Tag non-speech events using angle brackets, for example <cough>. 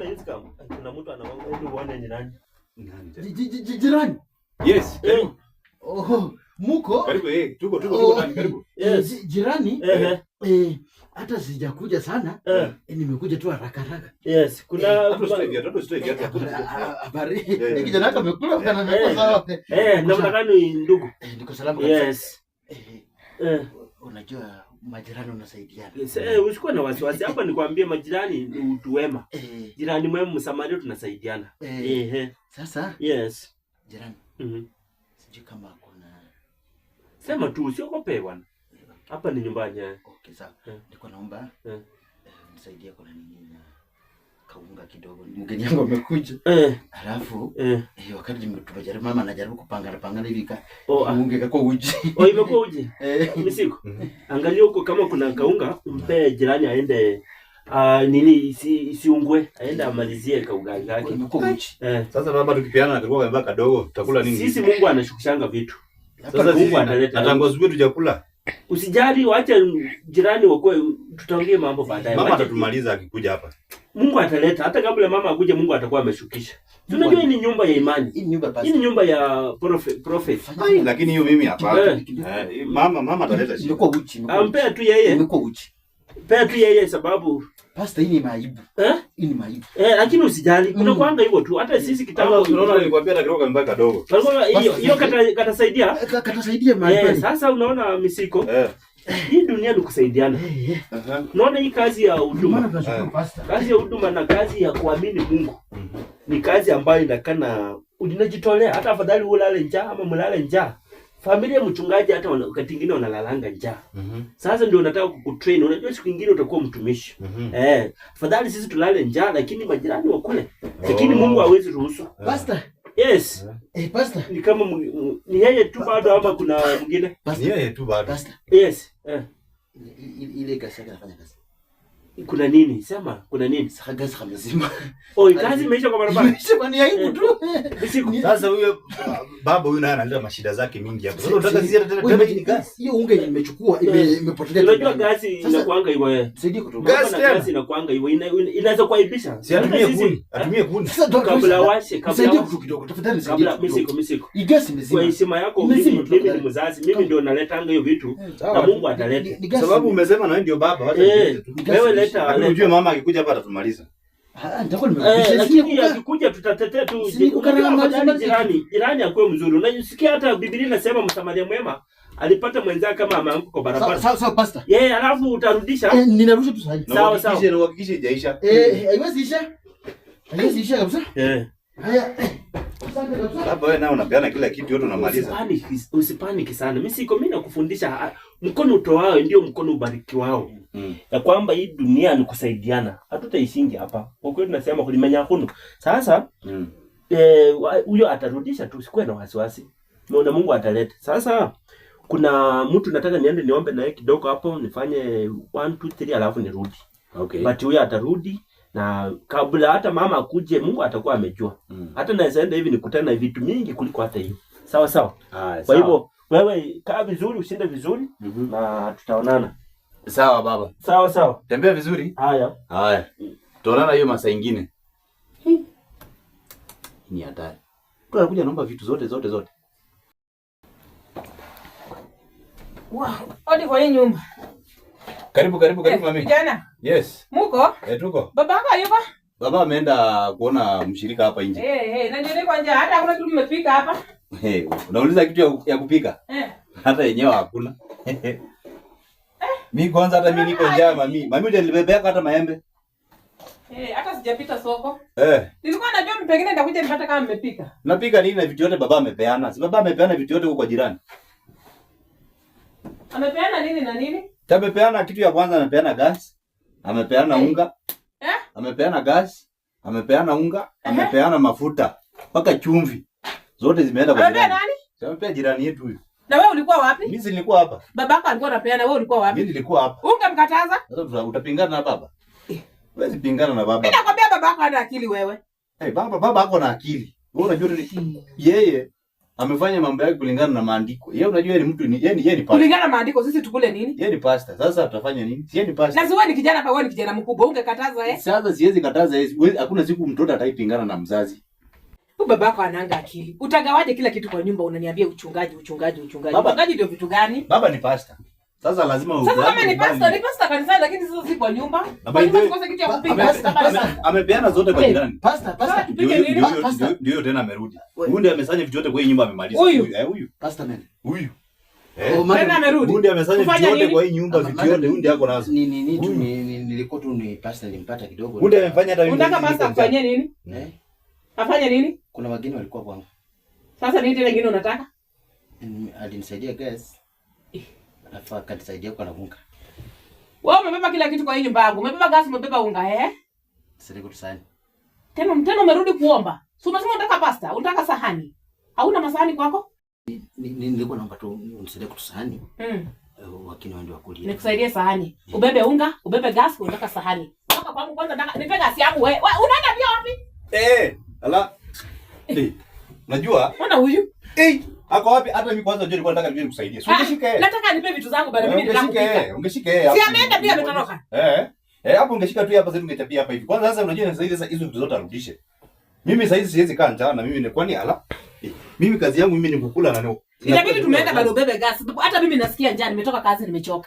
Mbona hizi kama kuna mtu ili uone nani? Jirani. Yes. Karibu. muko? Karibu eh, tuko tuko oh, tuko ndani karibu. Yes. Jirani. Eh. Eh, hata sijakuja sana. Eh, nimekuja tu haraka haraka. Yes, kuna habari. Eh, ni kijana amekula kana Eh, ndugu. Niko salama kabisa. Yes. Eh. eh. Unajua majirani unasaidiana. Eh, usikuwe na wasiwasi hapa nikwambie majirani ni utu wema. Eh. Jirani mwema msamaria tunasaidiana. Eh. Eh. Sasa? Yes. Jirani. Mhm. Mm Sijui kama kuna Sema tu usiogope bwana. Eh, hapa ni nyumbani. Eh. Okay, sawa. Eh. Niko naomba. Eh. Nisaidie eh, kuna nini na kaunga kidogo, mgeni yangu amekuja eh. Alafu eh, eh wakati tumejaribu mama anajaribu kupanga panga hivi ka oh, kaunga ah. kako uji oh, imekuwa uji <laughs> eh, misiku mm-hmm. Angalia huko kama kuna kaunga, mpe mm-hmm. jirani aende Uh, nini isi, ungwe aenda amalizie kaugali kake eh. Sasa mama tukipeana kalikuwa kaimba kadogo, tutakula nini sisi? Mungu anashukishanga vitu sasa, Mungu analeta atangozwe tujakula Usijali, wacha jirani wakoe, tutaongea mambo baadaye. Mama atatumaliza akikuja hapa. Mungu ataleta hata kabla mama akuje, Mungu atakuwa ameshukisha. Tunajua hii ni nyumba ya imani, hii ni nyumba basi, hii ni nyumba ya prophet prophet. lakini hiyo mimi hapa eh. eh, Mama mama ataleta shida, nilikuwa uchi, nilikuwa ampea ah, tu yeye, nilikuwa uchi, pea tu yeye sababu Pastor, hii ni maibu eh, hii ni maibu eh, lakini usijali, mm. kuna kwanga hivyo tu. Hata sisi kitambo unaona, nilikwambia hata kidogo mbaya kadogo, hiyo hiyo katasaidia, eh, katasaidia maibu. Eh, sasa unaona misiko eh hii dunia ni kusaidiana. Naona hii kazi ya huduma, kazi ya huduma na kazi ya kuamini Mungu ni kazi ambayo inakana unajitolea, hata afadhali ulale njaa ama mlale njaa familia mchungaji hata wakati mwingine wanalalanga njaa. Mm -hmm. Sasa ndio unataka kukutrain. Unajua siku nyingine utakuwa mtumishi. Mm -hmm. Eh, fadhali sisi tulale njaa lakini majirani wakule. Lakini oh, Mungu hawezi ruhusu. Pastor, Yes. Eh, eh pasta. Ni kama ni yeye tu bado ama kuna mwingine? Ni yeye tu bado. Yes. Eh. Ile kasha kafanya kazi kuna nini? Sema kuna nini? Saga kama zima. <laughs> Oh, kazi imeisha kwa barabara. <laughs> Imeisha ni aibu tu. Eh, eh, eh, <laughs> sasa huyo baba huyo naye analeta mashida zake mingi hapo. Sasa unataka sisi tena tena ni gasi. Hiyo unge imechukua imepotelea. Unajua gasi inakuanga hivyo. Saidie kutoka. Gasi inakuanga hivyo. Inaweza kuaibisha. Si atumie kuni. Atumie kuni. Sasa kabla washe kabla. Saidie kutoka kidogo. Tafadhali saidie. Kabla misiko misiko. Hii gasi imezima. Kwa heshima yako mimi ni mzazi. Mimi ndio naletanga hiyo vitu. Na Mungu ataleta. Sababu umesema na wewe ndio baba. Wewe leta leta. Unajua mama akikuja hapa atamaliza. Ah, ah, eh, akikuja tutatetea tu. Jirani jirani akuwe mzuri. Unajisikia hata Biblia inasema msamaria mwema alipata mwenzake kama ameanguka kwa barabara. Sawa sawa pastor. Yeye alafu utarudisha. Eh, ninarudisha tu sahihi. Sawa sawa. Hakikisha hakikisha haijaisha. Eh, eh, haiwezi isha. Haiwezi isha kabisa. Eh. Haya. Labda wewe nayo unapeana kila kitu yote unamaliza. Usipani, sana. Mimi siko mimi nakufundisha mkono utoao ndio mkono ubarikiwao mm. ya kwamba hii dunia ni kusaidiana, hatutaishingi hapa kwa kweli, tunasema kulimenya huno sasa mm. Eh, huyo e, atarudisha tu, sikuwe na wasiwasi, na Mungu ataleta sasa kuna mtu nataka niende niombe naye kidogo hapo nifanye 1 2 3 alafu nirudi. Okay. But huyo atarudi na kabla hata mama akuje Mungu atakuwa amejua. Mm. Hata naweza enda hivi nikutane na vitu mingi kuliko hata hiyo. Sawa sawa. kwa hivyo wewe kaa vizuri, usinde vizuri mm -hmm. na tutaonana. Sawa baba. Sawa sawa, tembea vizuri. Haya haya, tutaonana hiyo masaa ingine. Ni hatari tu, anakuja naomba vitu zote zote zote. Wow, Hadi kwa hii nyumba. Karibu karibu karibu mami. Jana. Yes. Muko? Eh, tuko. Baba yako yupo? Baba ameenda kuona mshirika hapa nje. Eh, hey, eh, hey, na ndio kwa nje hata kuna kitu kimefika hapa. Hey, unauliza kitu ya, ya kupika eh? Hata yenyewe hakuna <laughs> eh. Mi kwanza hata mi niko njaa mami. Mami ujanibebeka hata maembe eh, hata sijapita soko eh. Nilikuwa najua pengine nitakuja nipata kama mmepika. Napika nini na vitu yote baba amepeana? Si baba amepeana vitu yote kwa jirani. Amepeana nini na nini? Tamepeana kitu ya kwanza amepeana gas, amepeana hey, eh. unga eh? Amepeana gas, amepeana unga, eh? amepeana mafuta mpaka chumvi Zote zimeenda kwa jirani. Nani? Sema jirani yetu huyu. Na wewe ulikuwa wapi? Mimi nilikuwa hapa. Babako alikuwa anapeana, wewe ulikuwa wapi? Mimi nilikuwa hapa. Ungemkataza? Sasa utapingana na baba. Eh. Huwezi pingana na baba. Mimi nakwambia babako eh, ana akili wewe. Eh, hey, baba baba ako na akili. Wewe unajua ni hmm. yeye amefanya mambo yake kulingana na maandiko. Yeye unajua ni mtu yeye ni yeye ni pastor. Kulingana na maandiko sisi tukule nini? Yeye ni pastor. Sasa tutafanya nini? Yeye ni pastor. Lazima ni kijana hapa, wewe ni kijana mkubwa. Ungekataza eh? Sasa siwezi kataza eh. Hakuna siku mtoto ataipingana na mzazi baba yako anaanga akili. Utagawaje kila kitu kwa nyumba unaniambia uchungaji uchungaji uchungaji. Baba, uchungaji ndio vitu gani? Baba ni pastor. Sasa lazima uwe. Sasa kama ni pastor, ni pastor kanisani lakini sio si kwa nyumba. Baba ni kosa kitu ya kupinga. Amepeana zote kwa jirani. Pastor, pastor tupige nini? Pastor ndio tena amerudi. Huyu ndiye amesanya vitu vyote kwa hii nyumba amemaliza. Huyu. Eh, huyu. Pastor man. Huyu. Eh, tena amerudi. Huyu ndiye amesanya vitu vyote kwa hii nyumba vitu vyote huyu ndiye ako nazo. Ni ni ni tu niliko tu ni pastor nilimpata kidogo. Huyu ndiye amefanya hata mimi. Unataka pastor kufanyia nini? Eh afanye nini? Kuna wageni walikuwa kwangu. Sasa nini tena ngine unataka? Alinisaidia guys. Eh. Alafu akanisaidia kwa na unga. Wewe umebeba kila kitu kwa hii nyumba yangu. Umebeba gas, umebeba unga eh? Sasa tusani. Tena mtano umerudi kuomba. Si unasema unataka pasta, unataka sahani. Hauna masahani kwako? Nilikuwa naomba tu unisaidie kutusahani. Mm. Eh, Wakina wende wakulia. Nikusaidie sahani. Ubebe unga, ubebe gas, unataka sahani. Kwanza kwangu kwanza nataka nipe gas yangu wewe. Unaenda pia wapi? Eh. Hey, unajua? Mbona huyu? Eh, ako wapi? Hata mimi kwanza njoo nataka nijue nikusaidie. So ah, ungeshike. Nataka nipe vitu zangu bwana eh, mimi nitakupa. Ungeshike yeye. Si ameenda pia ametoroka. Eh. Eh, hapo ungeshika tu hapa zetu ungetapia hapa hivi. Kwanza sasa unajua nisaidie sasa hizo vitu zote arudishe. Mimi sasa hizi siwezi kaa njaa na mimi ni kwani ala. Eh, mimi kazi yangu mimi ni kukula na nao. Inabidi tumeenda bado bebe gas. Hata mimi nasikia njaa nimetoka kazi nimechoka.